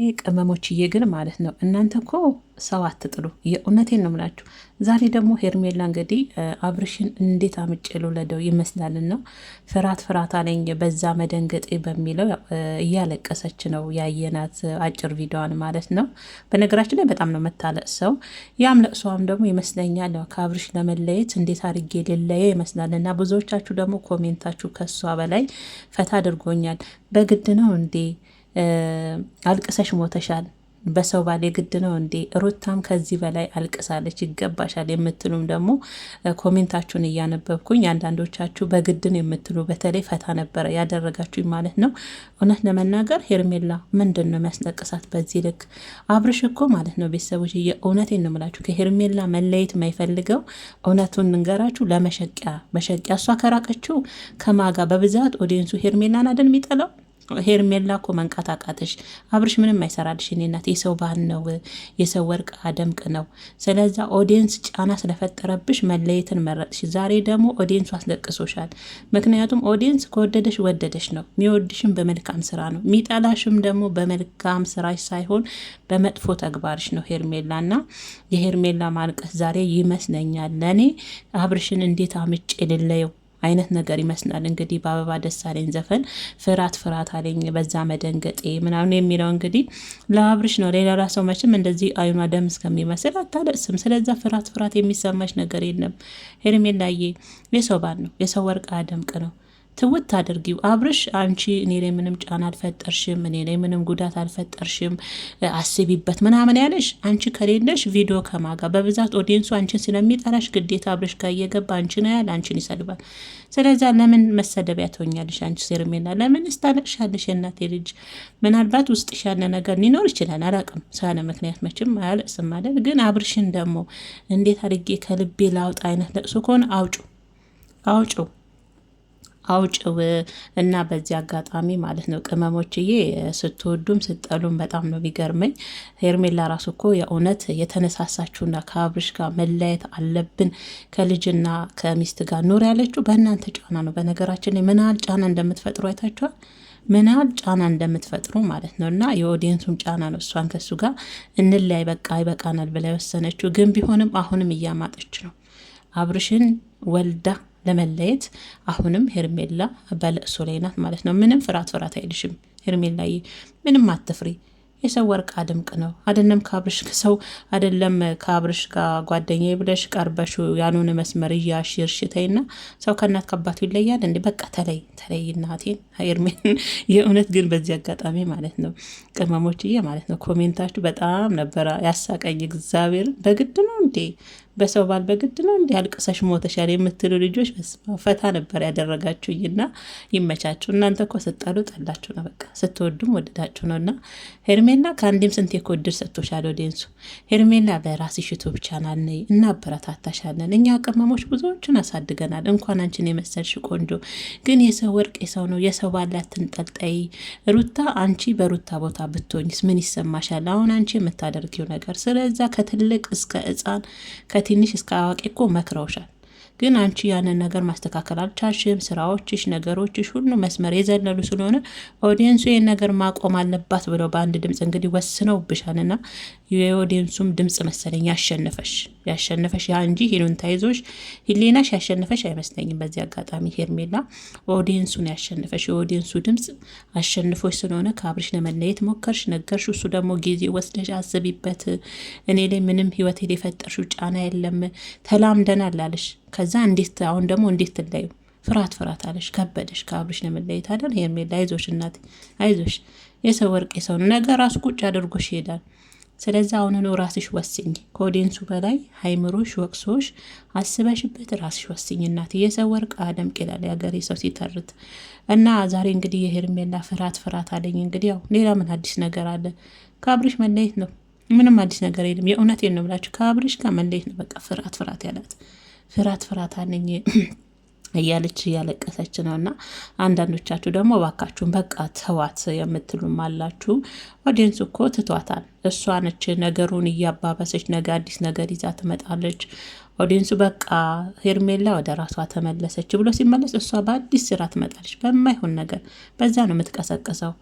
ይህ ቅመሞችዬ ግን ማለት ነው እናንተ እኮ ሰው አትጥሉ። የእውነቴን ነው ምላችሁ። ዛሬ ደግሞ ሄርሜላ እንግዲህ አብርሽን እንዴት አምጬ ልውለደው ይመስላልና ፍራት ፍራት አለኝ በዛ መደንገጤ በሚለው እያለቀሰች ነው ያየናት አጭር ቪዲዮዋን ማለት ነው። በነገራችን ላይ በጣም ነው መታለቅ ሰው ያም ለቅሷም ደግሞ ይመስለኛል ነው ከአብርሽ ለመለየት እንዴት አድርጌ ይመስላል ይመስላልና ብዙዎቻችሁ ደግሞ ኮሜንታችሁ ከሷ በላይ ፈታ አድርጎኛል። በግድ ነው እንዴ አልቅሰሽ ሞተሻል፣ በሰው ባል የግድ ነው እንዴ? ሩታም ከዚህ በላይ አልቅሳለች ይገባሻል የምትሉም ደግሞ ኮሜንታችሁን እያነበብኩኝ አንዳንዶቻችሁ በግድን የምትሉ በተለይ ፈታ ነበረ ያደረጋችሁኝ ማለት ነው። እውነት ለመናገር ሄርሜላ ምንድን ነው የሚያስለቅሳት በዚህ ልክ? አብርሽ እኮ ማለት ነው ቤተሰቦች፣ እውነት ነው ከሄርሜላ መለየት የማይፈልገው እውነቱን እንገራችሁ ለመሸቂያ መሸቂያ። እሷ ከራቀችው ከማጋ በብዛት ኦዲየንሱ ሄርሜላን አደን የሚጠላው ሄርሜላ ኮ መንቃት አቃተሽ፣ አብርሽ ምንም አይሰራልሽ። እኔ እናት የሰው ባህል ነው የሰው ወርቅ አደምቅ ነው። ስለዛ ኦዲየንስ ጫና ስለፈጠረብሽ መለየትን መረጥሽ። ዛሬ ደግሞ ኦዲየንሱ አስለቅሶሻል። ምክንያቱም ኦዲየንስ ከወደደሽ ወደደሽ ነው። የሚወድሽም በመልካም ስራ ነው፣ የሚጠላሽም ደግሞ በመልካም ስራሽ ሳይሆን በመጥፎ ተግባርሽ ነው። ሄርሜላ እና የሄርሜላ ማልቀስ ዛሬ ይመስለኛል ለእኔ አብርሽን እንዴት አምጭ ልለየው አይነት ነገር ይመስላል። እንግዲህ በአበባ ደሳለኝ ዘፈን ፍርሃት ፍርሃት አለኝ በዛ መደንገጤ ምናምን የሚለው እንግዲህ ለአብርሽ ነው። ሌላ ሰው መቼም እንደዚህ አይኗ ደም እስከሚመስል አታለቅስም። ስለዛ ፍርሃት ፍርሃት የሚሰማሽ ነገር የለም ሄርሜላዬ። የሰው ባል ነው፣ የሰው ወርቅ አደምቅ ነው። ትውት አድርጊው። አብርሽ አንቺ እኔ ላይ ምንም ጫና አልፈጠርሽም፣ እኔ ላይ ምንም ጉዳት አልፈጠርሽም፣ አስቢበት ምናምን ያለሽ አንቺ ከሌለሽ ቪዲዮ ከማጋ በብዛት ኦዲየንሱ አንቺን ስለሚጠላሽ ግዴታ አብርሽ ጋር እየገባ ነው ያል አንቺን ይሰድባል። ስለዛ ለምን መሰደቢያ ትሆኛለሽ? አንቺ ሴርሜላ ለምን ስታለቅሻለሽ? የእናቴ ልጅ ምናልባት ውስጥሽ ያለ ነገር ሊኖር ይችላል፣ አላቅም። ሳለ ምክንያት መቼም አያለቅስም አይደል? ግን አብርሽን ደግሞ እንዴት አድርጌ ከልቤ ላውጣ አይነት ለቅሶ ከሆነ አውጩ አውጩ አውጭው እና በዚህ አጋጣሚ ማለት ነው ቅመሞችዬ ስትወዱም ስትጠሉም በጣም ነው ቢገርመኝ። ሄርሜላ ራሱ እኮ የእውነት የተነሳሳችሁና ከአብርሽ ጋር መለየት አለብን ከልጅና ከሚስት ጋር ኑር ያለችው በእናንተ ጫና ነው። በነገራችን ላይ ምን ያህል ጫና እንደምትፈጥሩ አይታችኋል። ምን ያህል ጫና እንደምትፈጥሩ ማለት ነው። እና የኦዲየንሱን ጫና ነው እሷን ከሱ ጋር እንለያይ በቃ ይበቃናል ብላ የወሰነችው። ግን ቢሆንም አሁንም እያማጠች ነው አብርሽን ወልዳ ለመለየት አሁንም ሄርሜላ በለቅሶ ላይ ናት ማለት ነው። ምንም ፍርሃት ፍርሃት አይልሽም ሄርሜላዬ፣ ምንም አትፍሪ። የሰው ወርቅ አድምቅ ነው አደለም? ከአብርሽ ሰው አደለም? ከአብርሽ ጋር ጓደኛ ብለሽ ቀርበሽ ያኑን መስመር እያሽርሽ ተይና፣ ሰው ከእናት ከአባቱ ይለያል እንዴ? በቃ ተለይ ተለይ፣ እናቴን ሄርሜን። የእውነት ግን በዚህ አጋጣሚ ማለት ነው ቅመሞችዬ ማለት ነው ኮሜንታችሁ በጣም ነበረ ያሳቀኝ። እግዚአብሔር በግድ ነው እንዴ በሰው ባል በግድ ነው እንዲህ አልቅሰሽ ሞተሻል የምትሉ ልጆች ፈታ ነበር ያደረጋችሁኝና ይመቻችሁ። እናንተ እኮ ስጠሉ ጠላችሁ ነው፣ በቃ ስትወዱም ወደዳችሁ ነው። እና ሄርሜላ ከአንዴም ስንት የኮድር ሰጥቶሻል። ወደንሱ ሄርሜላ በራስሽ ዩቱብ ቻናል ነይ እናበረታታሻለን። እኛ ቅመሞች ብዙዎቹን አሳድገናል። እንኳን አንቺን የመሰልሽ ቆንጆ ግን የሰው ወርቅ የሰው ነው የሰው ባል አትንጠልጠይ። ሩታ አንቺ በሩታ ቦታ ብትሆኝስ ምን ይሰማሻል? አሁን አንቺ የምታደርጊው ነገር ስለዛ ከትልቅ እስከ ሕፃን ከትንሽ እስከ አዋቂ እኮ መክረውሻል። ግን አንቺ ያንን ነገር ማስተካከል አልቻልሽም። ስራዎችሽ፣ ነገሮችሽ ሁሉ መስመር የዘለሉ ስለሆነ ኦዲየንሱ ይህን ነገር ማቆም አለባት ብለው በአንድ ድምፅ እንግዲህ ወስነውብሻል እና የኦዲየንሱም ድምፅ መሰለኝ ያሸነፈሽ ያሸነፈሽ ያ እንጂ ሄሉን ታይዞሽ ህሊናሽ ያሸነፈሽ አይመስለኝም። በዚህ አጋጣሚ ሄርሜላ ኦዲየንሱን ያሸነፈሽ የኦዲየንሱ ድምፅ አሸንፎች ስለሆነ ከአብርሽ ለመለየት ሞከርሽ፣ ነገርሽ። እሱ ደግሞ ጊዜ ወስደሽ አስቢበት። እኔ ላይ ምንም ህይወት የፈጠርሽው ጫና የለም ተላምደናል አለሽ ከዛ እንዴት አሁን ደግሞ እንዴት ትለዩ? ፍርሃት ፍርሃት አለሽ፣ ከበደሽ ከአብርሽ ለመለየት አይደል? ሄርሜላ አይዞሽ እናቴ አይዞሽ። የሰው ወርቅ የሰው ነገ ራሱ ቁጭ አድርጎሽ ይሄዳል። ስለዚ አሁን ራስሽ ወስኝ። ከወዴንሱ በላይ ሀይምሮሽ ወቅሶሽ አስበሽበት ራስሽ ወስኝ እናት። የሰው ወርቅ አደምቅ ይላል የሀገሬ ሰው ሲተርት እና ዛሬ እንግዲህ የሄርሜላ ፍርሃት ፍርሃት አለኝ። እንግዲህ ያው ሌላ ምን አዲስ ነገር አለ? ከአብርሽ መለየት ነው። ምንም አዲስ ነገር የለም። የእውነት ነው ብላችሁ ከአብርሽ ጋር መለየት ነው። በቃ ፍርሃት ፍርሃት ያላት ፍርሃት ፍርሃታ ነኝ እያለች እያለቀሰች ነው። እና አንዳንዶቻችሁ ደግሞ እባካችሁን በቃ ተዋት የምትሉም አላችሁ። ኦዲየንስ እኮ ትቷታል። እሷ ነች ነገሩን እያባበሰች፣ ነገ አዲስ ነገር ይዛ ትመጣለች። ኦዲየንሱ በቃ ሄርሜላ ወደ ራሷ ተመለሰች ብሎ ሲመለስ እሷ በአዲስ ስራ ትመጣለች። በማይሆን ነገር በዛ ነው የምትቀሰቅሰው።